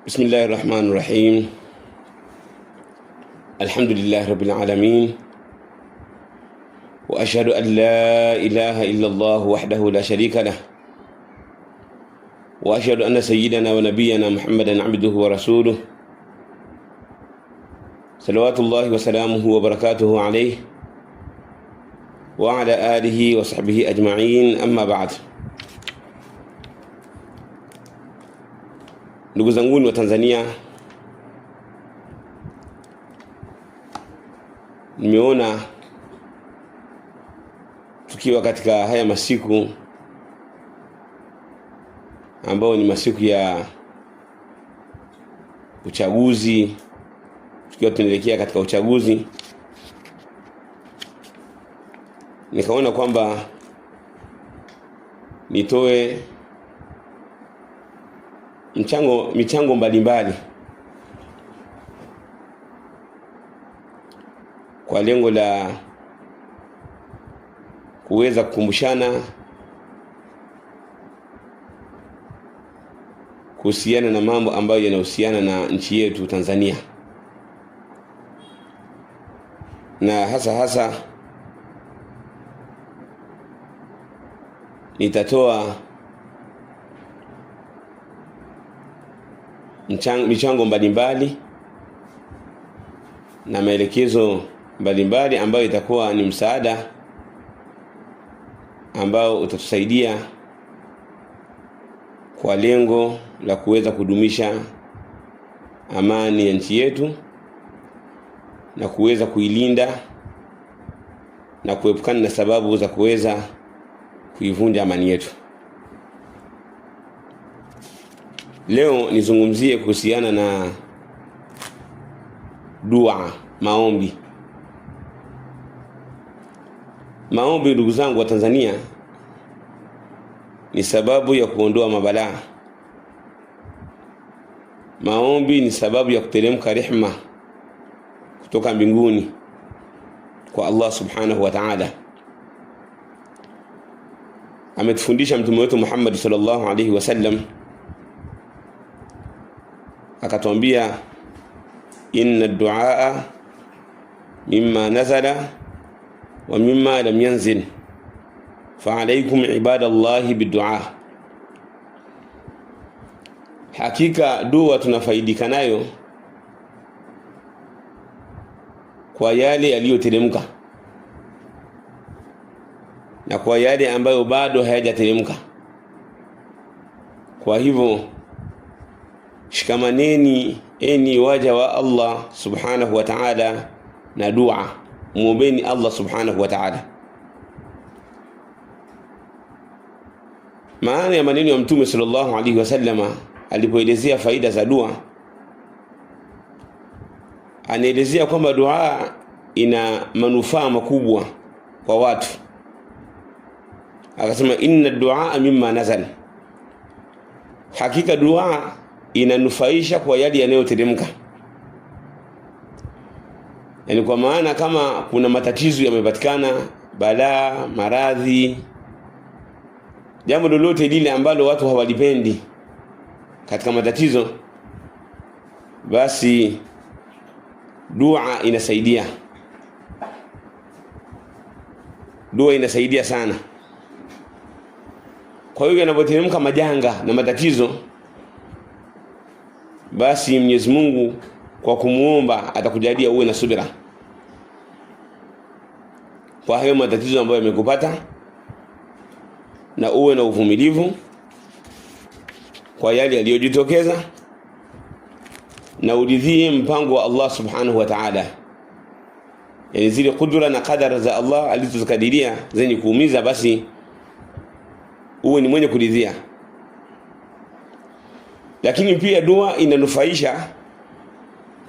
بسم الله الرحمن الرحيم الحمد لله رب العالمين وأشهد أن لا إله إلا الله وحده لا شريك له وأشهد أن سيدنا ونبينا محمدا عبده ورسوله صلوات الله وسلامه وبركاته عليه وعلى آله وصحبه أجمعين أما بعد Ndugu zangu wa tanzania nimeona tukiwa katika haya masiku ambayo ni masiku ya uchaguzi, tukiwa tunaelekea katika uchaguzi, nikaona kwamba nitoe mchango michango mbalimbali kwa lengo la kuweza kukumbushana kuhusiana na mambo ambayo yanahusiana na nchi yetu Tanzania na hasa hasa nitatoa michango mbalimbali na maelekezo mbalimbali ambayo itakuwa ni msaada ambao utatusaidia kwa lengo la kuweza kudumisha amani ya nchi yetu na kuweza kuilinda na kuepukana na sababu za kuweza kuivunja amani yetu. Leo nizungumzie kuhusiana na dua, maombi. Maombi, ndugu zangu wa Tanzania, ni sababu ya kuondoa mabalaa. Maombi ni sababu ya kuteremka rehma kutoka mbinguni kwa Allah subhanahu wa ta'ala. Ametufundisha mtume wetu Muhammad sallallahu alaihi wasallam akatwambia inna duaa mimma nazala wa mimma lam yanzil faalaikum ibadallahi bidua, hakika dua tunafaidika nayo kwa yale yaliyoteremka na kwa yale ambayo bado hayajateremka. Kwa hivyo Shikamaneni eni waja wa Allah subhanahu wa ta'ala na dua, muombeni Allah subhanahu wa ta'ala. Maana ya maneno ya Mtume sallallahu alaihi wasallama alipoelezea faida za dua, anaelezea kwamba dua ina manufaa makubwa kwa watu, akasema inna duaa mimma nazal, hakika dua inanufaisha kwa yadi yanayoteremka, yaani kwa maana kama kuna matatizo yamepatikana, balaa, maradhi, jambo lolote lile ambalo watu hawalipendi katika matatizo, basi dua inasaidia, dua inasaidia sana. Kwa hiyo yanapoteremka majanga na matatizo basi Mwenyezi Mungu kwa kumuomba atakujalia uwe na subira kwa hayo matatizo ambayo yamekupata, na uwe na uvumilivu kwa yale yaliyojitokeza, na uridhie mpango wa Allah subhanahu wa ta'ala, yani zile kudura na kadara za Allah alizozikadiria zenye kuumiza, basi uwe ni mwenye kuridhia. Lakini pia dua inanufaisha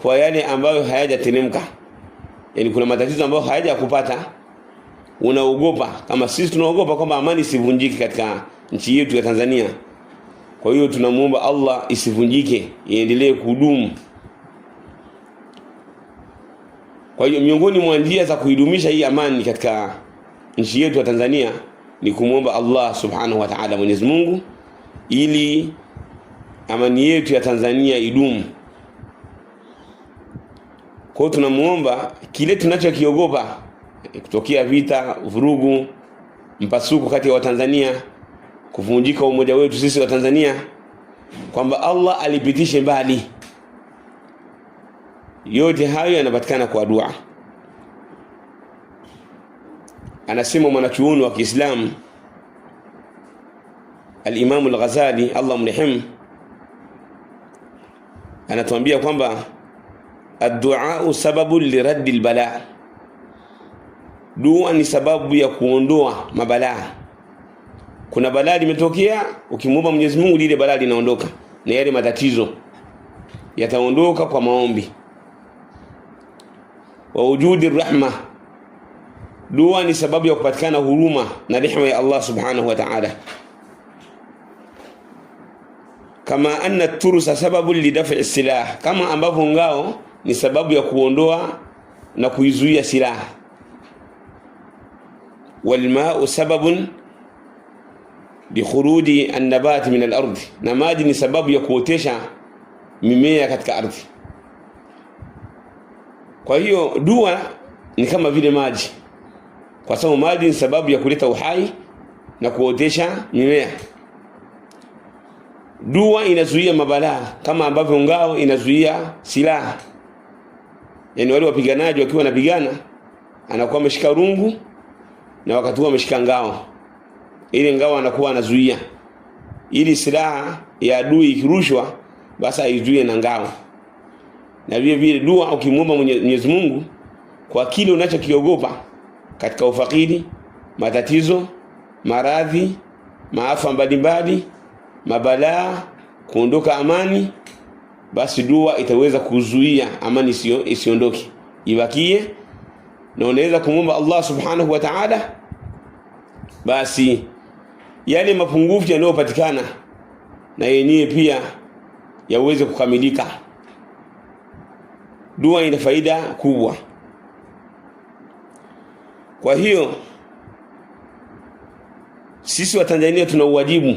kwa yale ambayo hayajatelemka yaani kuna matatizo ambayo hayajakupata unaogopa, kama sisi tunaogopa kwamba amani isivunjike katika nchi yetu ya Tanzania. Kwa hiyo tunamuomba Allah isivunjike, iendelee kudumu. Kwa hiyo miongoni mwa njia za kuidumisha hii amani katika nchi yetu ya Tanzania ni kumwomba Allah subhanahu wa ta'ala, Mwenyezi Mungu ili amani yetu ya Tanzania idumu. Kwa hiyo tunamuomba kile tunachokiogopa eh, kutokea vita, vurugu, mpasuko kati ya Watanzania, kuvunjika umoja wetu sisi wa Tanzania, kwamba Allah alipitishe mbali. Yote hayo yanapatikana kwa dua. Anasema mwanachuoni wa Kiislamu Al-Imam Al-Ghazali, Allah mrehemu anatuambia kwamba adduau sababu liraddi lbalaa, dua ni sababu ya kuondoa mabalaa. Kuna balaa limetokea, ukimwomba Mwenyezi Mungu lile balaa linaondoka, na yale matatizo yataondoka kwa maombi. Wa wujudi rahma, dua ni sababu ya kupatikana huruma na rehema ya Allah subhanahu wa ta'ala kama anna turusa sababu lidafi silah, kama ambavyo ngao ni sababu ya kuondoa na kuizuia silaha. Walmau sababun bikhurudi annabati min alardi, na maji ni sababu ya kuotesha mimea katika ardhi. Kwa hiyo dua ni kama vile maji, kwa sababu maji ni sababu ya kuleta uhai na kuotesha mimea. Dua inazuia mabalaa kama ambavyo ngao inazuia silaha. Yaani wale wapiganaji wakiwa wanapigana, anakuwa ameshika rungu na wakati huo ameshika ngao, ile ngao anakuwa anazuia, ili silaha ya adui ikirushwa, basi aizuie na ngao. Na vile vile dua, ukimwomba Mwenyezi Mungu kwa kile unachokiogopa katika ufakiri, matatizo, maradhi, maafa mbalimbali mabalaa, kuondoka amani, basi dua itaweza kuzuia amani isiondoke, ibakie, na unaweza kumwomba Allah subhanahu wa ta'ala, basi yale mapungufu yanayopatikana na yenyewe pia yaweze kukamilika. Dua ina faida kubwa. Kwa hiyo sisi Watanzania tuna uwajibu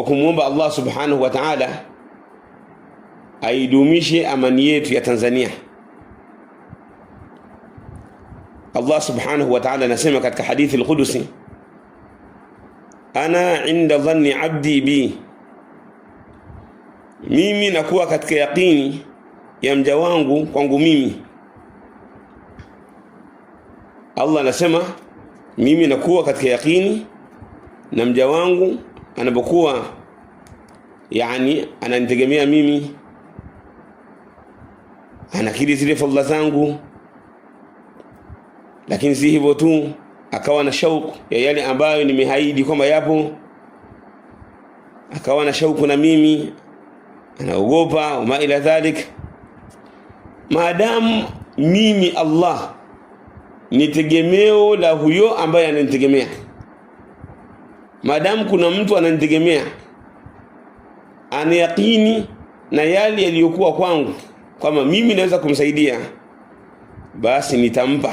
wa kumwomba Allah subhanahu wa ta'ala aidumishe amani yetu ya Tanzania. Allah subhanahu wa ta'ala anasema katika hadithi al-Qudusi, ana inda dhanni abdi bi, mimi nakuwa katika yaqini ya mja wangu kwangu mimi. Allah anasema mimi nakuwa katika yaqini na mja wangu anapokuwa yani ananitegemea mimi, anakiri zile fadhila zangu, lakini si hivyo tu, akawa na shauku ya yale ambayo nimehaidi kwamba yapo, akawa na shauku na mimi, anaogopa wama ila dhalik. Maadamu mimi Allah ni tegemeo la huyo ambaye ananitegemea madamu kuna mtu ananitegemea, ana yakini na yale yaliyokuwa kwangu kwamba mimi naweza kumsaidia, basi nitampa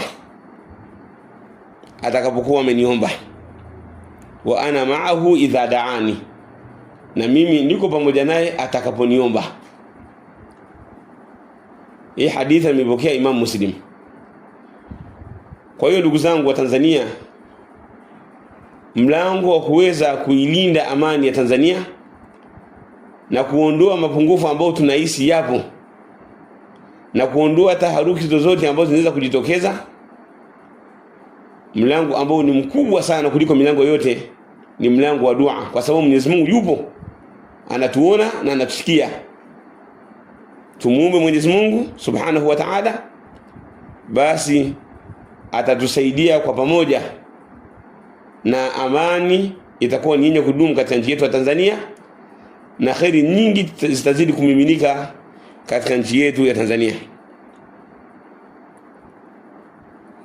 atakapokuwa ameniomba. Wa ana maahu idha daani, na mimi niko pamoja naye atakaponiomba. Hii hadithi imepokea Imam Muslim. Kwa hiyo ndugu zangu wa Tanzania mlango wa kuweza kuilinda amani ya Tanzania na kuondoa mapungufu ambayo tunahisi yapo na kuondoa taharuki zozote ambazo zinaweza kujitokeza, mlango ambao ni mkubwa sana kuliko milango yote ni mlango wa dua, kwa sababu Mwenyezi Mungu yupo anatuona na anatusikia. Tumuombe Mwenyezi Mungu Subhanahu wa Ta'ala, basi atatusaidia kwa pamoja na amani itakuwa ni yenye kudumu katika nchi yetu ya Tanzania na kheri nyingi zitazidi kumiminika katika nchi yetu ya Tanzania.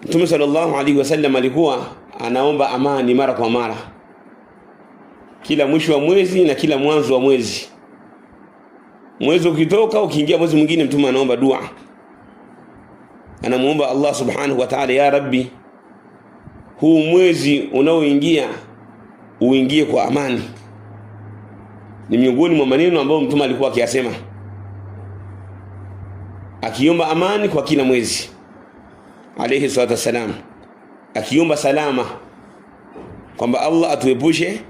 Mtume sallallahu alaihi wasallam alikuwa anaomba amani mara kwa mara, kila mwisho wa mwezi na kila mwanzo wa mwezi. Mwezi ukitoka ukiingia mwezi mwingine, mtume anaomba dua, anamuomba Allah subhanahu wa ta'ala, ya rabbi huu mwezi unaoingia uingie kwa amani. Ni miongoni mwa maneno ambayo mtume alikuwa akiyasema akiomba amani kwa kila mwezi, alayhi salatu wassalam, akiomba salama kwamba Allah atuepushe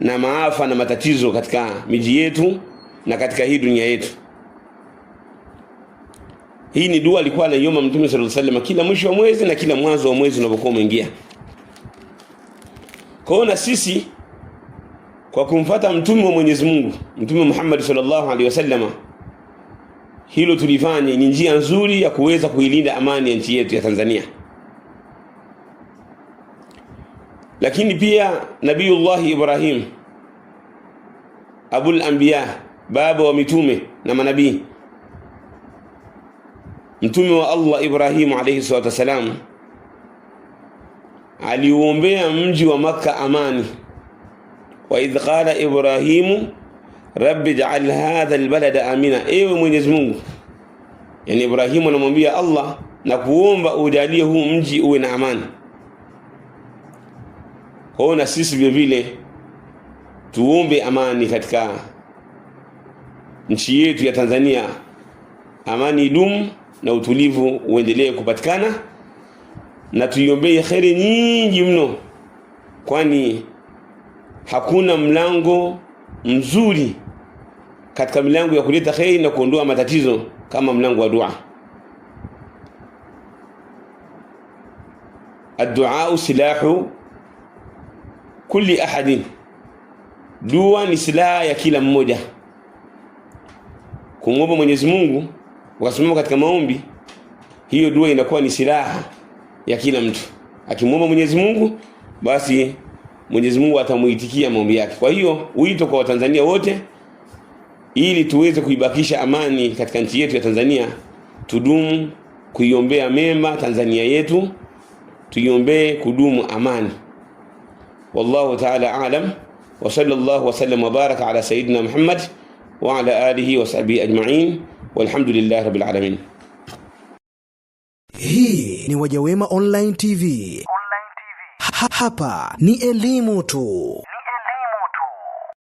na maafa na matatizo katika miji yetu na katika hii dunia yetu. Hii ni dua alikuwa anaiomba mtume sallallahu alaihi wasallam kila mwisho wa mwezi na kila mwanzo wa mwezi unapokuwa umeingia. Kwa na sisi kwa kumfata mtume wa Mwenyezi Mungu, Mtume Muhammad sallallahu alaihi wasallam, hilo tulifanye ni njia nzuri ya kuweza kuilinda amani ya nchi yetu ya Tanzania. Lakini pia Nabiyullahi Ibrahim abul anbiya, baba wa mitume na manabii, mtume wa Allah Ibrahim alayhi salatu wasalam aliuombea mji wa Makka amani. wa idh qala Ibrahimu rabbi ja'al hadha albalada amina, ewe Mwenyezi Mungu. Yani Ibrahimu anamwambia Allah na kuomba ujalie huu mji uwe na amani. Kwa hiyo na sisi vile vile tuombe amani katika nchi yetu ya Tanzania, amani idumu na utulivu uendelee kupatikana na tuiombee kheri nyingi mno, kwani hakuna mlango mzuri katika milango ya kuleta kheri na kuondoa matatizo kama mlango wa dua. Adduau silahu kulli ahadin, dua ni silaha ya kila mmoja. Kumwomba Mwenyezi Mungu ukasimama katika maombi, hiyo dua inakuwa ni silaha ya kila mtu. Akimwomba Mwenyezi Mungu, basi Mwenyezi Mungu atamuitikia maombi yake. Kwa hiyo wito kwa Watanzania wote, ili tuweze kuibakisha amani katika nchi yetu ya Tanzania, tudumu kuiombea mema Tanzania yetu, tuiombee kudumu amani. Wallahu ta'ala alam wa sallallahu wa sallam wa baraka ala sayidina Muhammad wa ala alihi wa sahbihi ajma'in walhamdulillahi rabbil alamin. Hii ni Wajawema Online TV. Online TV. Ha hapa ni elimu tu.